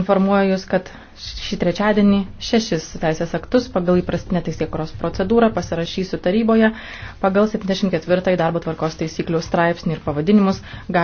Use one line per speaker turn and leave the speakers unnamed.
Informuoju Jūs, kad šį trečiadienį šešis teisės aktus pagal įprastinę teisėkuros procedūrą pasirašysiu taryboje pagal 74 darbo tvarkos taisyklių straipsnį
ir pavadinimus.